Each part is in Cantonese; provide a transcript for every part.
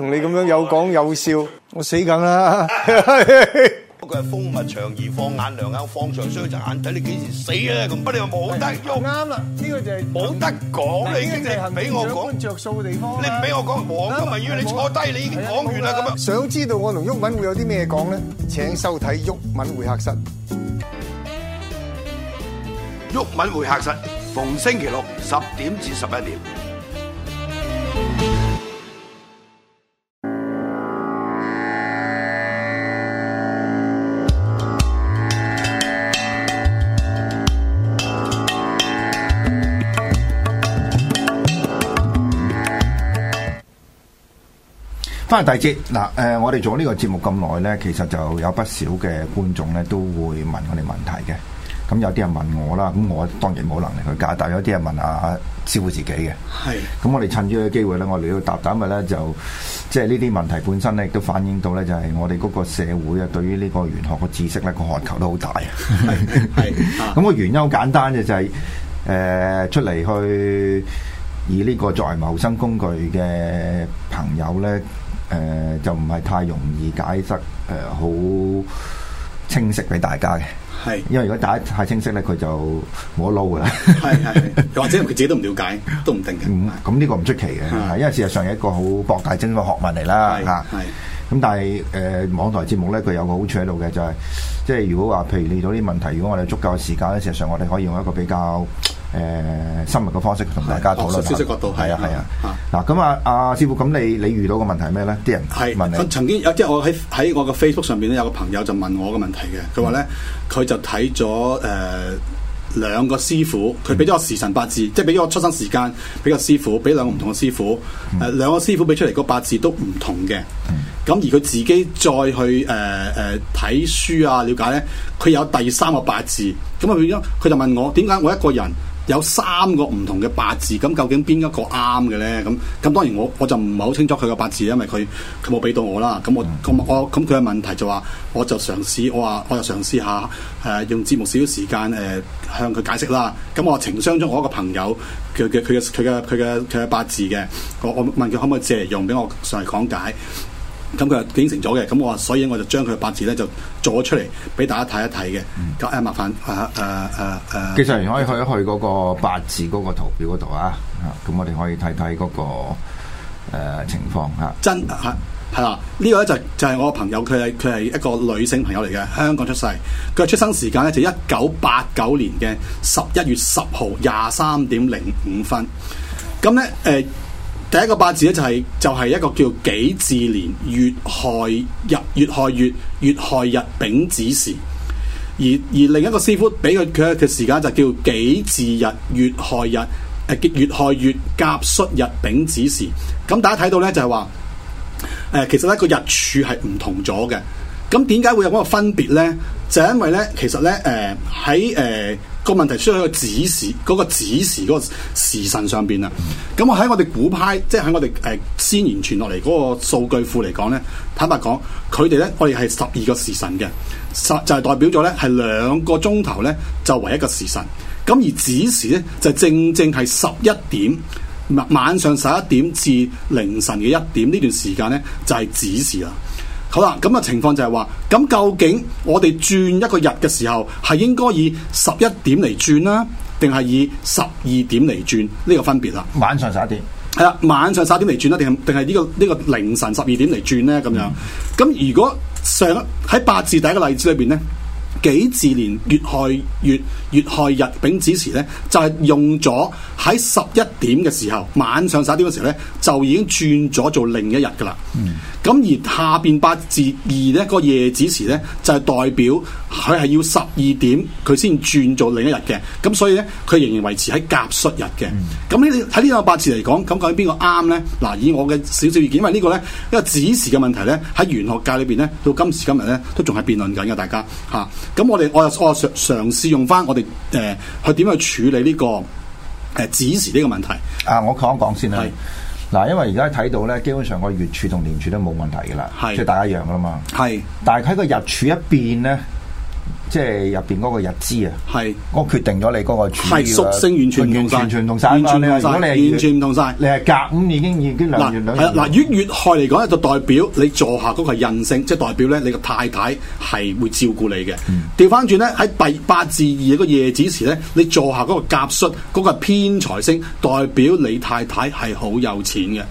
同你咁樣有講有笑，我死梗啦！不過係風物長宜放眼良眼，放長雙隻眼睇你幾時死啊！咁，不過你又冇得，又啱啦。呢個就係冇得講，你已經俾我講着數嘅地方。你唔俾我講，忙噶嘛？要你坐低，你已經講完啦。咁樣，想知道我同毓証會有啲咩講咧？請收睇毓証會客室。毓証會客室，逢星期六十點至十一點。翻嚟第二節嗱，誒，我哋做呢個節目咁耐咧，其實就有不少嘅觀眾咧都會問我哋問題嘅。咁有啲人問我啦，咁我當然冇能力去解答。有啲人問啊，師傅自己嘅。係是。咁我哋趁住呢個機會咧，我哋要答答埋咧，就即係呢啲問題本身咧，亦都反映到咧，就係我哋嗰個社會啊，對於呢個玄學個知識咧，個渴求都好大啊。係是。咁 個原因好簡單嘅，就係、是、誒、呃、出嚟去以呢個作為謀生工具嘅朋友咧。誒、呃、就唔係太容易解釋誒好清晰俾大家嘅，係是因為如果打得太清晰咧，佢就冇得撈㗎啦。係係， 或者佢自己都唔了解，都唔定嘅。嗯，咁呢個唔出奇嘅，是因為事實上係一個好博大精深嘅學問嚟啦嚇。係，咁、啊、但係誒、呃、網台節目咧，佢有個好處喺度嘅，就係即係如果話譬如遇到啲問題，如果我哋足夠嘅時間咧，事實上我哋可以用一個比較，誒，深入嘅方式同大家討論消息角度，係啊係啊。嗱，咁啊，阿、啊啊啊、師傅，咁你你遇到嘅問題係咩咧？啲人問你曾經有，即係我喺喺我嘅 Facebook 上邊咧，有個朋友就問我嘅問題嘅。佢話咧，佢就睇咗誒兩個師傅，佢俾咗個時辰八字，嗯、即係俾咗個出生時間，俾個師傅，俾兩個唔同嘅師傅，誒、嗯呃、兩個師傅俾出嚟個八字都唔同嘅。咁、嗯、而佢自己再去誒誒睇書啊，了解咧，佢有第三個八字。咁啊，佢就問我點解我，我一個人，有三個唔同嘅八字，咁究竟邊一個啱嘅咧？咁咁當然我我就唔係好清楚佢嘅八字，因為佢佢冇俾到我啦。咁我咁我咁佢嘅問題就話，我就嘗試我話我就嘗試下誒、呃、用節目少少時間誒、呃、向佢解釋啦。咁我情商咗我一個朋友，佢嘅佢嘅佢嘅佢嘅佢嘅八字嘅，我我問佢可唔可以借嚟用俾我上嚟講解？咁佢就應承咗嘅，咁我所以我就將佢嘅八字咧就做咗出嚟俾大家睇一睇嘅。咁誒、嗯，麻煩誒誒誒誒，技、啊、術員、啊啊、可以去一去嗰個八字嗰個圖表嗰度啊，咁我哋可以睇睇嗰個、啊、情況嚇。啊、真嚇係啦，呢、啊啊呢個就係、就係、是、我個朋友，佢係佢係一個女性朋友嚟嘅，香港出世。佢嘅出生時間咧就一九八九年嘅十一月十號廿三點零五分。咁咧誒。呃第一個八字咧就係、是、就係、是、一個叫己字年月亥日月亥月月亥日丙子時，而而另一個師傅俾佢佢嘅時間就叫己字日月亥日誒、呃、月亥月甲戌日丙子時，咁大家睇到呢，就係、是、話、呃、其實呢個日柱係唔同咗嘅，咁點解會有嗰個分別呢？就係因為咧，其實咧，誒喺誒個問題需要一個子時，嗰、那個子時嗰個時辰上邊啦。咁我喺我哋古派，即、就、喺、是、我哋誒先賢傳落嚟嗰個數據庫嚟講咧，坦白講，佢哋咧我哋係十二個時辰嘅，十就係、是、代表咗咧係兩個鐘頭咧就為一個時辰。咁而子時咧就是、正正係十一點，晚上十一點至凌晨嘅一點呢段時間咧就係、是、子時啦。好啦，咁嘅情況就係話，咁究竟我哋轉一個日嘅時候，係應該以十一點嚟轉啦，定係以十二點嚟轉呢個分別啊？晚上十一點，係啦，晚上十一點嚟轉啦，定係定係呢個呢個凌晨十二點嚟轉呢？咁樣，咁、嗯、如果上喺八字第一個例子裏邊呢。幾字年月亥月月亥日丙子時咧，就係、是、用咗喺十一點嘅時候，晚上十一點嘅時候咧，就已經轉咗做另一日噶啦。咁、嗯、而下邊八字二咧、那個夜子時咧，就係、是、代表佢係要十二點佢先轉做另一日嘅。咁所以咧，佢仍然維持喺甲戌日嘅。咁呢啲喺呢兩個八字嚟講，咁究竟邊個啱咧？嗱，以我嘅少少意見，因為個呢、這個咧，因為子時嘅問題咧，喺玄學界裏邊咧，到今時今日咧，都仲係辯論緊嘅，大家嚇。咁我哋我又我又嘗嘗試用翻我哋誒、呃、去點去處理呢、呢個誒、呃、指示呢個問題。啊，我講一講先啦。係嗱是，因為而家睇到咧，基本上個月柱同年柱都冇問題噶啦，即係是大家一樣噶嘛。係是，但係喺個日柱一變咧。即係入邊嗰個日支啊，係是我決定咗你嗰個係屬性完全，同全，全同完全同完全唔同曬，完全唔同曬，你係甲午已經已經兩嗱嗱月兩月亥嚟講咧，就代表你坐下嗰個印星，即係代表咧你個太太係會照顧你嘅。調翻轉咧，喺第八至二個夜子時咧，你坐下嗰個甲戌嗰個偏財星，代表你太太係好、嗯那個、有錢嘅，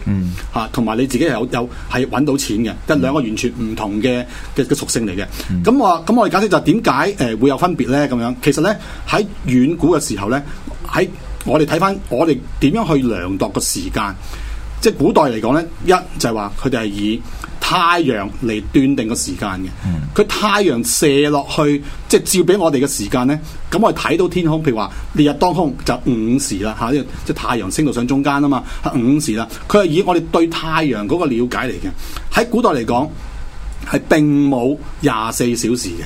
嚇同埋你自己有有係揾到錢嘅，即、就、係、是、兩個完全唔同嘅嘅嘅屬性嚟嘅。咁、嗯、我咁我哋解釋就係點解？誒，會有分別咧？咁樣，其實咧，喺遠古嘅時候咧，喺我哋睇翻，我哋點樣去量度個時間？即係古代嚟講咧，一就係話佢哋係以太陽嚟斷定個時間嘅。佢太陽射落去，即係照俾我哋嘅時間咧，咁我哋睇到天空，譬如話烈日當空就午時啦，吓呢即係太陽升到上中間啊嘛，吓午時啦。佢係以我哋對太陽嗰個了解嚟嘅。喺古代嚟講，係並冇廿四小時嘅。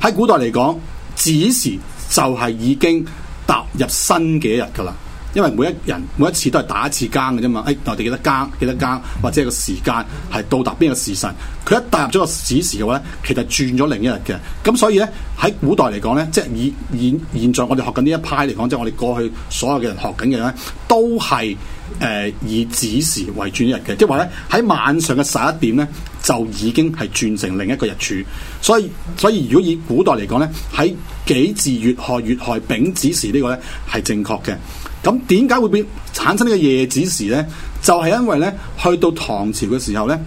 喺古代嚟講，子時就係已經踏入新嘅一日噶啦，因為每一人每一次都係打一次更嘅啫嘛。哎，我哋記得更，記得更，或者個時間係到達邊個時辰，佢一踏入咗個子時嘅話咧，其實轉咗另一日嘅。咁所以咧，喺古代嚟講咧，即係現現現在我哋學緊呢一派嚟講，即係我哋過去所有嘅人學緊嘅咧，都係。誒、呃，以子時為轉日嘅，即係話咧，喺晚上嘅十一點咧，就已經係轉成另一個日柱。所以，所以如果以古代嚟講咧，喺己字月亥月亥丙子時，時呢個咧係正確嘅。咁點解會變產生呢個夜子時咧？就係、是、因為咧，去到唐朝嘅時候咧，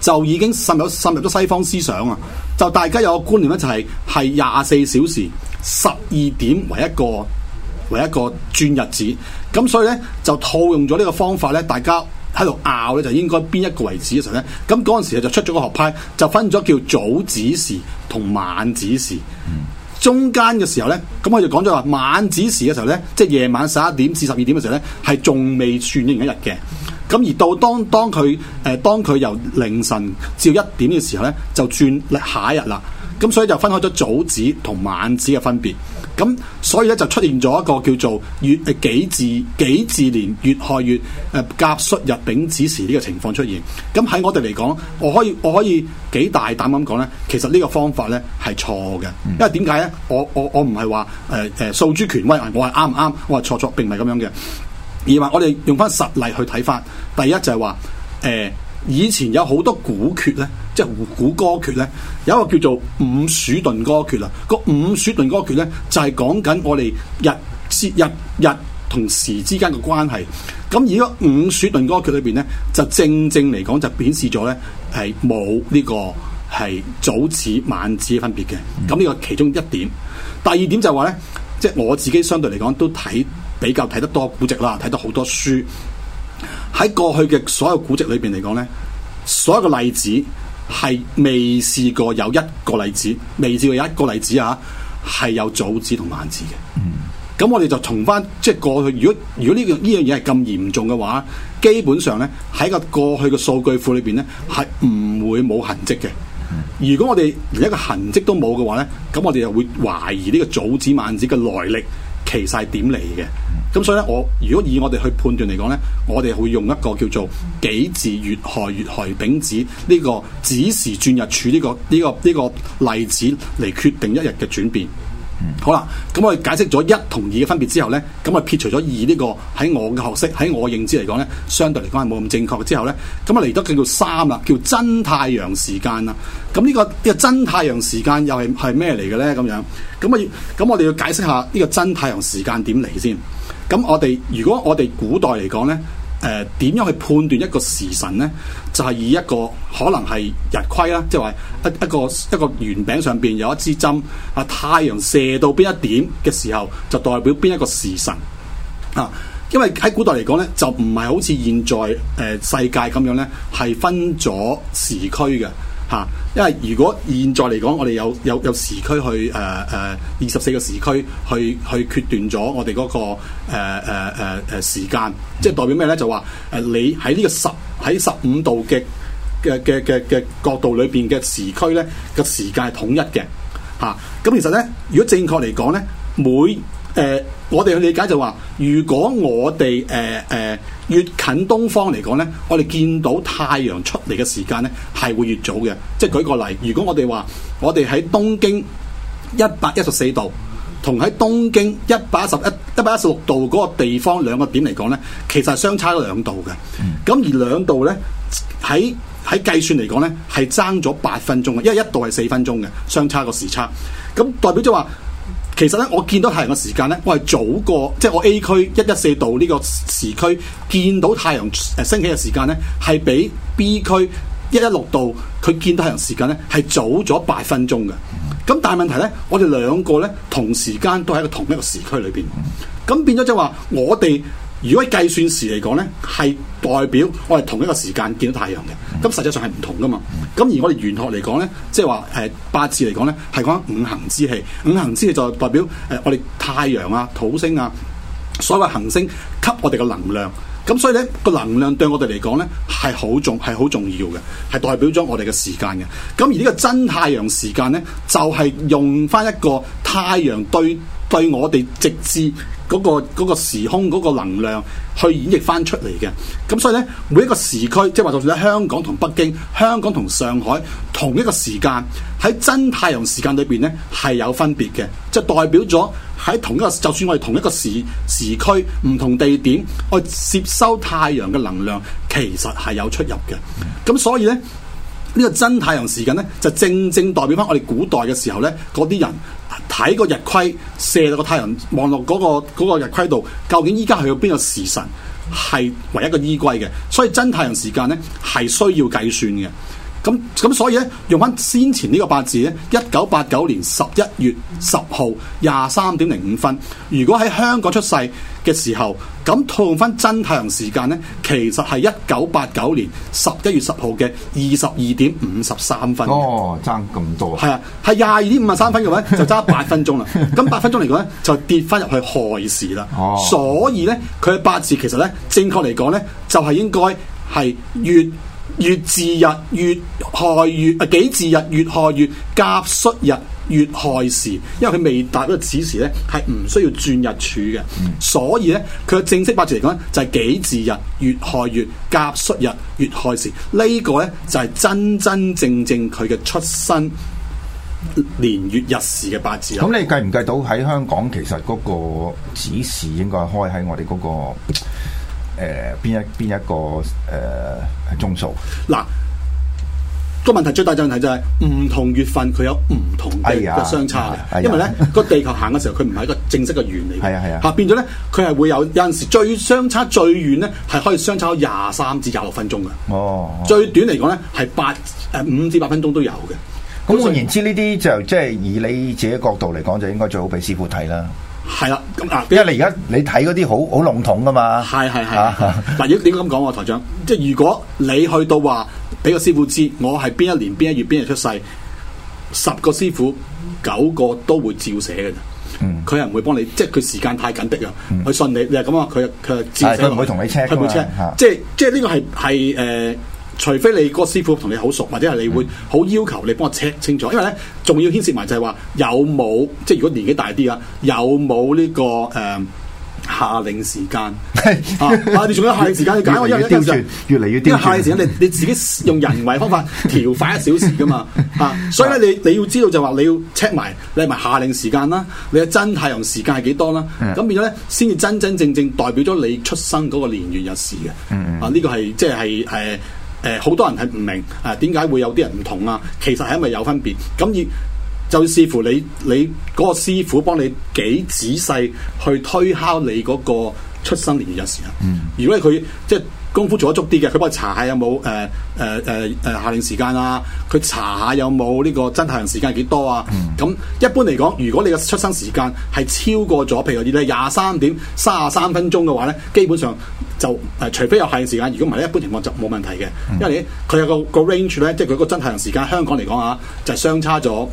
就已經滲入滲入咗西方思想啊！就大家有個觀念咧，就係係廿四小時十二點為一個為一個轉日子。咁所以咧就套用咗呢個方法咧，大家喺度拗咧就是、應該邊一個為止嘅時候咧？咁嗰陣時就出咗個學派，就分咗叫早子時同晚子時。中間嘅時候咧，咁我就講咗話晚子時嘅時候咧，即係夜晚十一點至十二點嘅時候咧，係仲未算完一日嘅。咁而到當當佢誒當佢由凌晨至一點嘅時候咧，就轉下一日啦。咁所以就分開咗早子同晚子嘅分別。咁所以咧就出現咗一個叫做月、呃、幾字幾字年月亥月，誒甲戌日丙子時呢個情況出現。咁喺我哋嚟講，我可以我可以幾大膽咁講咧，其實呢個方法咧係錯嘅。因為點解咧？我我我唔係話誒誒訴諸權威，我係啱唔啱？我係錯錯並唔係咁樣嘅，而話我哋用翻實例去睇翻。第一就係話誒。呃以前有好多古訣呢，即係古歌訣呢，有一個叫做《五鼠遁歌訣》啦。嗰個《五鼠遁歌訣》呢，就係講緊我哋日之日日同時之間嘅關係。咁而家、呢個《五鼠遁歌訣》裏邊呢，就正正嚟講就顯示咗呢，係冇呢個係早子晚子分別嘅。咁呢個其中一點。第二點就話呢，即、就、係、係、我自己相對嚟講都睇比較睇得多古籍啦，睇得好多書。喺過去嘅所有古籍裏邊嚟講咧，所有嘅例子係未試過有一個例子，未試過有一個例子啊，係有早子、嗯、同晚子嘅。咁我哋就從翻即係過去，如果如果呢樣呢樣嘢係咁嚴重嘅話，基本上咧喺個過去嘅數據庫裏邊咧係唔會冇痕跡嘅。如果我哋連一個痕跡都冇嘅話咧，咁我哋又會懷疑呢個早子晚子嘅來歷其實係點嚟嘅。咁所以咧，我如果以我哋去判斷嚟講咧，我哋會用一個叫做己字乙亥、乙亥、丙子呢個子時轉日柱呢、呢個呢、呢個呢、呢個例子嚟決定一日嘅轉變。嗯、好啦，咁我哋解釋咗一同二嘅分別之後咧，咁啊撇除咗二呢個喺我嘅學識喺我嘅認知嚟講咧，相對嚟講係冇咁正確之後咧，咁啊嚟得嘅叫三啦，叫真太陽時間啦。咁呢、呢個呢、呢個真太陽時間又係係咩嚟嘅咧？咁樣咁啊，咁我哋要解釋下呢個真太陽時間點嚟先。咁我哋如果我哋古代嚟講呢，誒點樣去判斷一個時辰呢？就係、是、以一個可能係日晷啦，即係話一個一個圓餅上邊有一支針，啊，太陽射到邊一點嘅時候，就代表邊一個時辰啊。因為喺古代嚟講呢，就唔係好似現在誒、呃、世界咁樣呢，係分咗時區嘅。啊！因為如果現在嚟講，我哋有有有時區去誒誒、呃、二十四個時區去去決斷咗我哋嗰、那個誒誒誒誒時間，即係代表咩咧？就話誒你喺呢個十喺十五度嘅嘅嘅嘅嘅角度裏邊嘅時區咧嘅時間係統一嘅。嚇、啊！咁其實咧，如果正確嚟講咧，每誒、呃，我哋去理解就話，如果我哋誒誒越近東方嚟講咧，我哋見到太陽出嚟嘅時間咧，係會越早嘅。即係舉個例，如果我哋話我哋喺東經一百一十四度，同喺東經一百一十一、一百一十六度嗰個地方兩個點嚟講咧，其實係相差咗兩度嘅。咁而兩度咧喺喺計算嚟講咧，係爭咗八分鐘嘅，因為一度係四分鐘嘅，相差個時差。咁代表即係話。其實咧，我見到太陽嘅時間咧，我係早過，即係我 A 區一一四度呢個時區見到太陽誒升起嘅時間咧，係比 B 區一一六度佢見到太陽時間咧係早咗八分鐘嘅。咁但係問題咧，我哋兩個咧同時間都喺個同一個時區裏邊，咁變咗即係話我哋。如果計算時嚟講呢，係代表我哋同一個時間見到太陽嘅，咁實際上係唔同噶嘛。咁而我哋玄學嚟講呢，即係話誒八字嚟講呢，係講五行之氣，五行之氣就代表誒我哋太陽啊、土星啊，所謂行星給我哋嘅能量。咁所以呢個能量對我哋嚟講呢，係好重係好重要嘅，係代表咗我哋嘅時間嘅。咁而呢個真太陽時間呢，就係、是、用翻一個太陽對。對我哋直至嗰個嗰個時空嗰個能量去演繹翻出嚟嘅，咁所以呢，每一個時區，即係話，就算喺香港同北京、香港同上海同一個時間喺真太陽時間裏邊呢，係有分別嘅，即係代表咗喺同一個就算我哋同一個時時區，唔同地點去接收太陽嘅能量其實係有出入嘅，咁所以呢。呢個真太陽時間呢，就正正代表翻我哋古代嘅時候呢，嗰啲人睇個日晷，射到個太陽望落嗰個日晷度，究竟依家去到邊個時辰係唯一個依歸嘅。所以真太陽時間呢，係需要計算嘅。咁咁所以呢，用翻先前呢個八字呢，一九八九年十一月十號廿三點零五分，如果喺香港出世。嘅時候，咁套用翻真太陽時間呢，其實係一九八九年十一月十號嘅二十二點五十三分。哦，爭咁多，係啊，係廿二點五十三分嘅話，就爭八分鐘啦。咁八 分鐘嚟講呢，就跌翻入去亥時啦。哦、所以呢，佢八字其實呢，正確嚟講呢，就係、是、應該係月月字日乙亥月啊，幾字日乙亥月甲戌日。月亥時，因為佢未達嗰個子時咧，係唔需要轉日柱嘅，嗯、所以咧佢嘅正式八字嚟講就係己字日，月亥月，甲戌日，月亥時，這個、呢個咧就係、是、真真正正佢嘅出生年月日時嘅八字。咁你計唔計到喺香港？其實嗰個子時應該開喺我哋嗰、那個誒邊一邊一個誒鐘數嗱。呃個問題最大就問題就係唔同月份佢有唔同嘅嘅相差嘅，因為咧個地球行嘅時候佢唔係一個正式嘅圓嚟嘅，嚇變咗咧佢係會有有陣時最相差最遠咧係可以相差廿三至廿六分鐘嘅，最短嚟講咧係八誒五至八分鐘都有嘅。咁換言之，呢啲就即係以你自己角度嚟講，就應該最好俾師傅睇啦。係啦，因為你而家你睇嗰啲好好籠統㗎嘛，係係係，嗱，要點咁講台長，即係如果你去到話。俾個師傅知我係邊一年邊一月邊日出世，十個師傅九個都會照寫嘅啫。佢係唔會幫你，即係佢時間太緊逼啊。佢信你你係咁啊，佢佢照寫，佢唔會同你 check，佢唔會 check，即係即係呢個係係誒，除非你個師傅同你好熟，或者係你會好要求你幫我 check 清楚，因為咧仲要牽涉埋就係話有冇，即係如果年紀大啲啊，有冇呢、呢個誒。呃夏令時間 啊！你仲有夏令時間要解，因而一調轉越嚟越因為夏令時間你 你自己用人為方法調快一小時噶嘛 啊！所以咧你 你要知道就話你要 check 埋你係咪夏令時間啦，你嘅真太陽時間係幾多啦？咁變咗咧先至真真正正，正正代表咗你出生嗰個年月日時嘅 啊！呢個係即係誒誒，好多人係唔明啊，點解會有啲人唔同啊？其實係因為有分別咁而。就視乎你你嗰、那個師傅幫你幾仔細去推敲你嗰個出生年月日時啊。嗯、如果佢即係功夫做得足啲嘅，佢幫你查下有冇誒誒誒誒夏令時間啊。佢查下有冇呢個真太陽時間幾多啊。咁、嗯、一般嚟講，如果你嘅出生時間係超過咗，譬如話而廿三點三啊三分鐘嘅話咧，基本上就誒、呃、除非有夏令時間，如果唔係咧，一般情況就冇問題嘅。嗯、因為咧，佢有個個 range 咧，即係佢個真太陽時間，香港嚟講啊，就係、是、相差咗。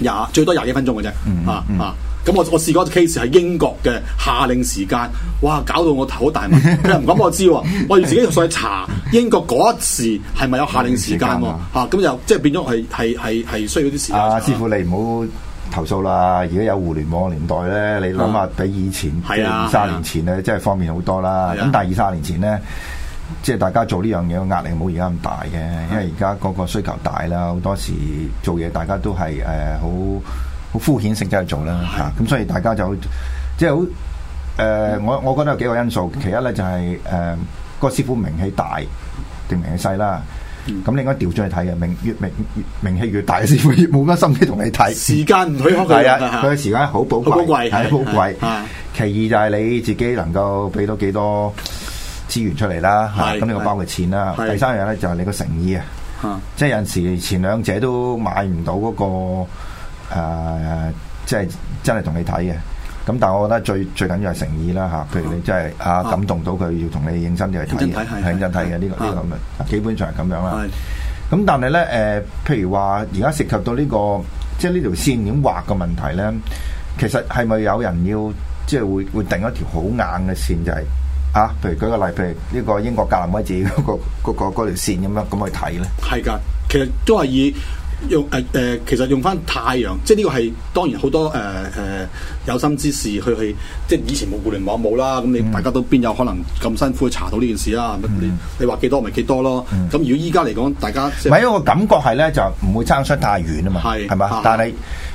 廿最多廿幾分鐘嘅啫，啊啊！咁我我試過一 case 係英國嘅夏令時間，哇！搞到我頭好大問，佢又唔講我知喎，我要自己上去查英國嗰時係咪有夏令時間喎。吓，咁又即係變咗係係係係需要啲時間。啊師傅，你唔好投訴啦，而家有互聯網嘅年代咧，你諗下比以前即係二三十年前咧，即係方便好多啦。咁、啊、但係二三十年前咧。即係大家做呢樣嘢，壓力冇而家咁大嘅，因為而家個個需求大啦，好多時做嘢，大家都係誒好好敷衍性質去做啦吓，咁所以大家就即係好誒，我我覺得有幾個因素，其一咧就係誒個師傅名氣大定名氣細啦，咁你應該調轉去睇嘅，名越名越名氣越大，師傅越冇乜心機同你睇，時間唔許可係啊，佢時間好寶貴，係好貴。其二就係你自己能夠俾到幾多。資源出嚟啦，咁你個包嘅錢啦。第三樣咧就係你個誠意啊，即係有陣時前兩者都買唔到嗰個誒，即係真係同你睇嘅。咁但係我覺得最最緊要係誠意啦，嚇。譬如你真係啊，感動到佢要同你認真地去睇係認真睇嘅呢個呢個咁嘅，基本上係咁樣啦。咁但係咧誒，譬如話而家涉及到呢個即係呢條線點畫嘅問題咧，其實係咪有人要即係會會定一條好硬嘅線就係？嚇，譬如舉個例，譬如呢個英國格林威治嗰個嗰個條線咁樣咁去睇咧，係㗎。其實都係以用誒誒，其實用翻太陽，即係呢個係當然好多誒誒有心之士去去，即係以前冇互聯網冇啦，咁你大家都邊有可能咁辛苦去查到呢件事啊？你你話幾多咪幾多咯？咁如果依家嚟講，大家唔係因為我感覺係咧就唔會差出太遠啊嘛，係係嘛？但係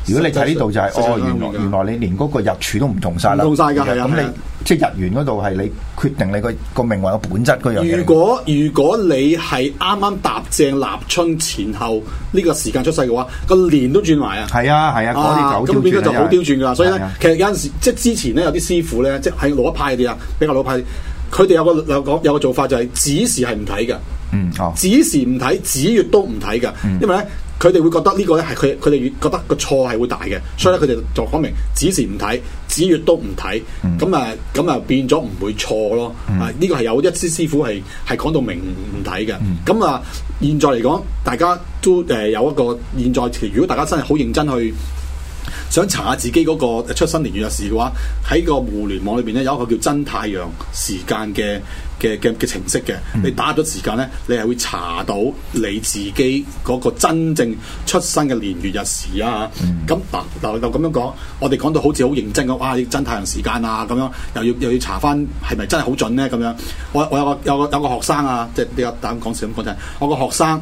如果你睇呢度就係哦，原來原來你連嗰個入處都唔同晒啦，唔同曬㗎係啊咁你。即係日元嗰度係你決定你個個命運個本質嗰樣嘢。如果如果你係啱啱踏正立春前後呢個時間出世嘅話，個年都轉埋啊。係啊係啊，咁、啊啊、變咗就好刁轉噶啦。啊、所以咧，其實有陣時即係之前咧，有啲師傅咧，即係喺老一派嗰啲啊，比較老一派，佢哋有個有講有個做法就係、是、子時係唔睇嘅。嗯、子、哦、時唔睇，子月都唔睇嘅，因為咧佢哋會覺得呢個咧係佢佢哋越覺得個錯係會大嘅，所以咧佢哋就講明子時唔睇。子月都唔睇，咁、嗯、啊咁啊變咗唔會錯咯。嗯、啊，呢個係有一支師傅係係講到明唔睇嘅。咁啊、嗯，現在嚟講，大家都誒、呃、有一個現在，如果大家真係好認真去想查下自己嗰個出生年月日時嘅話，喺個互聯網裏邊咧有一個叫真太陽時間嘅。嘅嘅嘅程式嘅，你打咗時間咧，你係會查到你自己嗰個真正出生嘅年月日時啊。咁嗱嗱就咁樣講，我哋講到好似好認真咁，哇！要真太陽時間啊咁樣，又要又要查翻係咪真係好準咧咁樣。我我有個有個有個學生啊，即係你等講笑咁講真，我個學生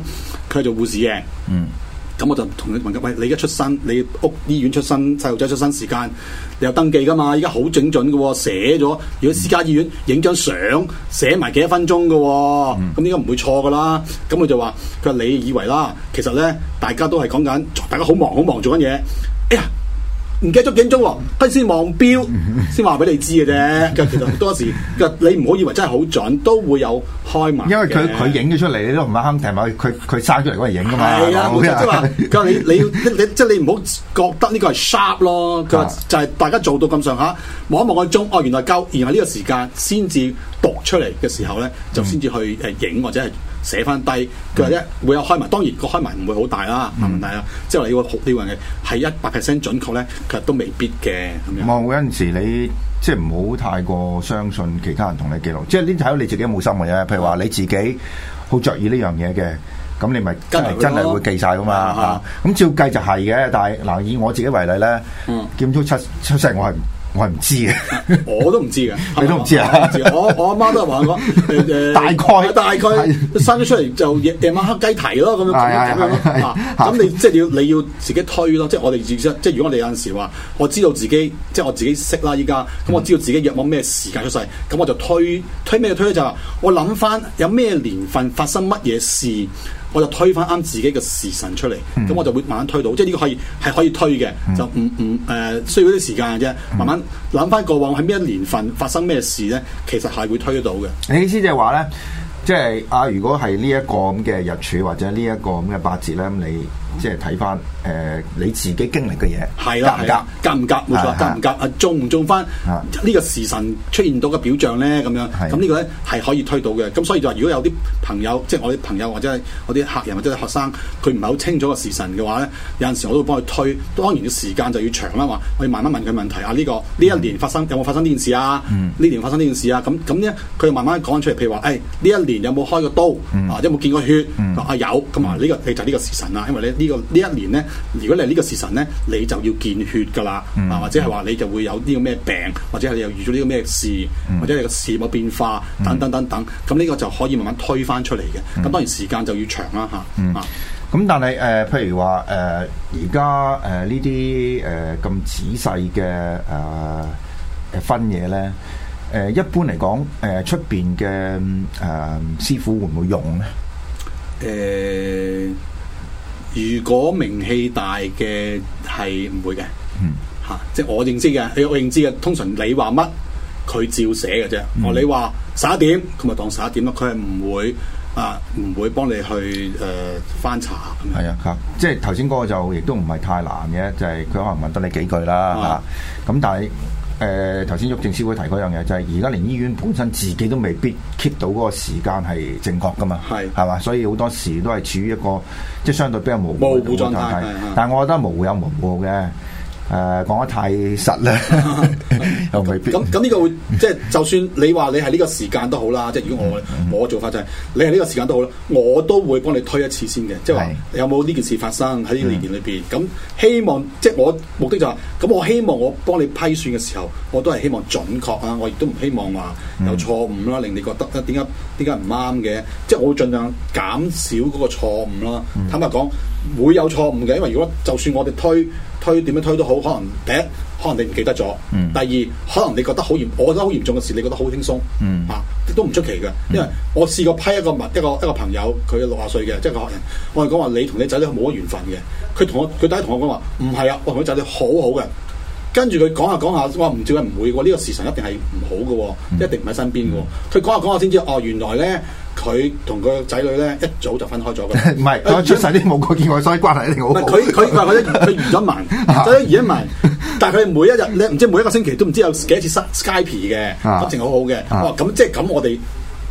佢係做護士嘅。嗯咁我就同佢問緊，喂，你而家出生，你屋醫院出生，細路仔出生時間，你有登記噶嘛？而家好整準㗎喎，寫咗。如果私家醫院影張相，寫埋幾多分鐘㗎喎，咁、嗯、應該唔會錯嘅啦。咁佢就話：佢話你以為啦，其實咧，大家都係講緊，大家好忙，好忙做緊嘢。哎呀！唔記得咗幾鍾喎，跟住先望表先話俾你知嘅啫。其實好多時，你唔好以為真係好準，都會有開埋。因為佢佢影咗出嚟，你都唔係肯定佢佢生出嚟嗰陣影噶嘛。係啊，即係即係你你，你，你、就係、你要你即係你唔好覺得呢個係 sharp 咯。佢話就係大家做到咁上下，望一望個鐘，哦原來夠，然後呢個時間先至讀出嚟嘅時候咧，就先至去誒影、嗯、或者係。寫翻低，佢話咧會有開埋，當然個開埋唔會好大啦，冇問題啦。即係你呢個好呢樣嘢係一百 percent 準確咧，其實都未必嘅。咁啊，嗰陣時你即係唔好太過相信其他人同你記錄，即係呢睇到你自己有冇心㗎啫。譬如話你自己好着意呢樣嘢嘅，咁你咪真係真係會記晒㗎嘛嚇。咁、嗯、照計就係、是、嘅，但係嗱以我自己為例咧，劍足七七成我係。我係唔知嘅，我都唔知嘅，你都唔知啊？我我阿媽都係話我，誒、呃 概呃，大概，大概 生咗出嚟就夜晚黑雞啼咯，咁樣咁 樣咯。咁你即係、就是、要你要自己推咯，即係我哋自即係如果我哋有陣時話，我知道自己， 即係我自己識啦。依家咁我知道自己約冇咩時間出世，咁我就推推咩推咧就是，我諗翻有咩年份發生乜嘢事。我就推翻啱自己嘅時辰出嚟，咁、嗯、我就會慢慢推到，即係呢個可以係可以推嘅，嗯、就唔唔誒需要啲時間嘅啫，慢慢諗翻過往喺咩一年份發生咩事咧，其實係會推得到嘅。你意思即係話咧，即係啊，如果係呢一個咁嘅日柱或者呢一個咁嘅八字咧，咁你。即係睇翻誒你自己經歷嘅嘢，係啦係啦，夾唔夾冇錯，夾唔夾啊中唔中翻呢個時辰出現到嘅表象咧咁樣，咁呢個咧係可以推到嘅。咁所以就話，如果有啲朋友，即係我啲朋友或者係我啲客人或者係學生，佢唔係好清楚個時辰嘅話咧，有陣時我都會幫佢推。當然要時間就要長啦嘛，我要慢慢問佢問題。啊呢個呢一年發生有冇發生呢件事啊？呢年發生呢件事啊？咁咁咧，佢慢慢講出嚟。譬如話，誒呢一年有冇開過刀啊？有冇見過血啊？有咁啊？呢個就係呢個時辰啊，因為咧呢。呢一年咧，如果你係呢個時辰咧，你就要見血噶啦，嗯、啊或者係話你就會有呢個咩病，或者係你又遇到呢個咩事，嗯、或者你個事業嘅變化等等等等，咁呢個就可以慢慢推翻出嚟嘅。咁當然時間就要長啦吓。咁、啊嗯嗯、但係誒、呃，譬如話誒而家誒呢啲誒咁仔細嘅誒分嘢咧，誒、呃啊啊啊啊、一般嚟講誒出邊嘅誒師傅會唔會用咧？誒、呃。如果名氣大嘅係唔會嘅，嚇、嗯啊，即係我認知嘅，我認知嘅，通常你話乜佢照寫嘅啫。哦、嗯，你話十一點，佢咪當十一點咯。佢係唔會啊，唔會幫你去誒、呃、翻查咁樣。係啊，即係頭先嗰個就亦都唔係太難嘅，就係、是、佢可能問得你幾句啦嚇。咁、啊啊、但係。誒，頭先毓証師會提嗰樣嘢，就係而家連醫院本身自己都未必 keep 到嗰個時間係正確噶嘛，係嘛是？所以好多時都係處於一個即係相對比較模糊嘅狀態，狀態，但係我覺得模糊有模糊嘅。誒、uh, 講得太實啦，又 未不必。 咁咁呢個會，即係就算你話你係呢個時間都好啦。 即係如果我我做法就係、是，你係呢個時間都好啦，我都會幫你推一次先嘅。即係話是有冇呢件事發生喺呢年年裏邊？咁、 嗯、希望即係我目的就係、是，咁我希望我幫你批算嘅時候，我都係希望準確啊！我亦都唔希望話有錯誤啦，令你覺得點解點解唔啱嘅？即係我會盡量減少嗰個錯誤啦。坦白講。嗯會有錯誤嘅，因為如果就算我哋推推點樣推都好，可能第一可能你唔記得咗，嗯、第二可能你覺得好嚴，我覺得好嚴重嘅事，你覺得好輕鬆，嚇、嗯啊、都唔出奇嘅。嗯、因為我試過批一個、嗯、一個一個，一個朋友，佢六十歲嘅，即係個客人，我哋講話你同你仔女冇乜緣分嘅，佢同我佢第一同我講話唔係啊，我同佢仔女好好嘅，跟住佢講下講下，我話唔知唔會喎，呢、呢個時辰一定係唔好嘅，一定唔喺身邊嘅。佢、嗯、講，一講一下講下先知哦，原來咧。佢同個仔女咧一早就分開咗嘅，唔係，出世啲冇個見外，所以關係一定好好。唔係，佢佢唔係佢，佢移咗民，所以移咗民。但係佢哋每一日咧，唔知每一個星期都唔知有幾多次 Skype 嘅，感情好好嘅。哦，咁即係咁，我哋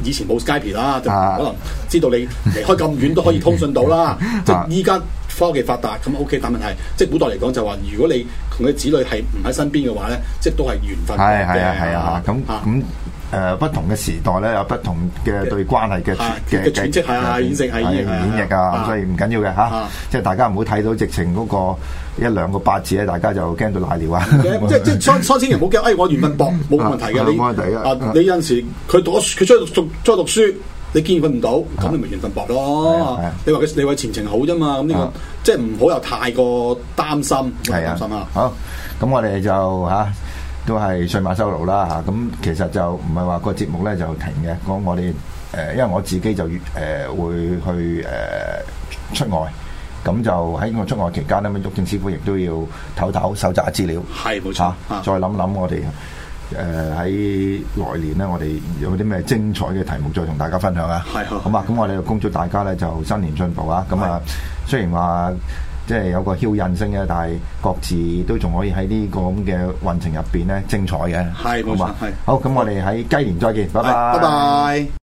以前冇 Skype 啦，就可能知道你離開咁遠都可以通訊到啦。即係依家科技發達，咁 OK，但問題即係古代嚟講就話，如果你同佢子女係唔喺身邊嘅話咧，即係都係緣分。係係啊係啊，咁咁。誒，不同嘅時代咧，有不同嘅對關係嘅嘅詮釋。係啊，演繹演繹啊，所以唔緊要嘅嚇。即係大家唔好睇到直情嗰個一兩個八字咧，大家就驚到瀨尿啊！即即即千祈唔好驚，誒我緣分薄冇問題嘅。冇問題啊，你有陣時佢讀，佢出去讀書，你見佢唔到，咁你咪緣分薄咯。你話你話前程好啫嘛？咁呢個即係唔好又太過擔心。係啊，好，咁我哋就嚇。都係上馬修路啦嚇，咁其實就唔係話個節目咧就停嘅。咁我哋誒，因為我自己就越誒、呃、會去誒、呃、出外，咁就喺我出外期間呢，咁毓証師傅亦都要唞唞，搜集資料，係冇錯，啊、再諗諗我哋誒喺來年呢，我哋有啲咩精彩嘅題目再同大家分享啊。係好。樣好咁我哋就恭祝大家咧就新年進步啊！咁啊，是雖然話～即係有個梟印星嘅，但係各自都仲可以喺呢個咁嘅運程入邊咧精彩嘅，係冇錯。好咁，我哋喺雞年再見，是拜拜，拜拜。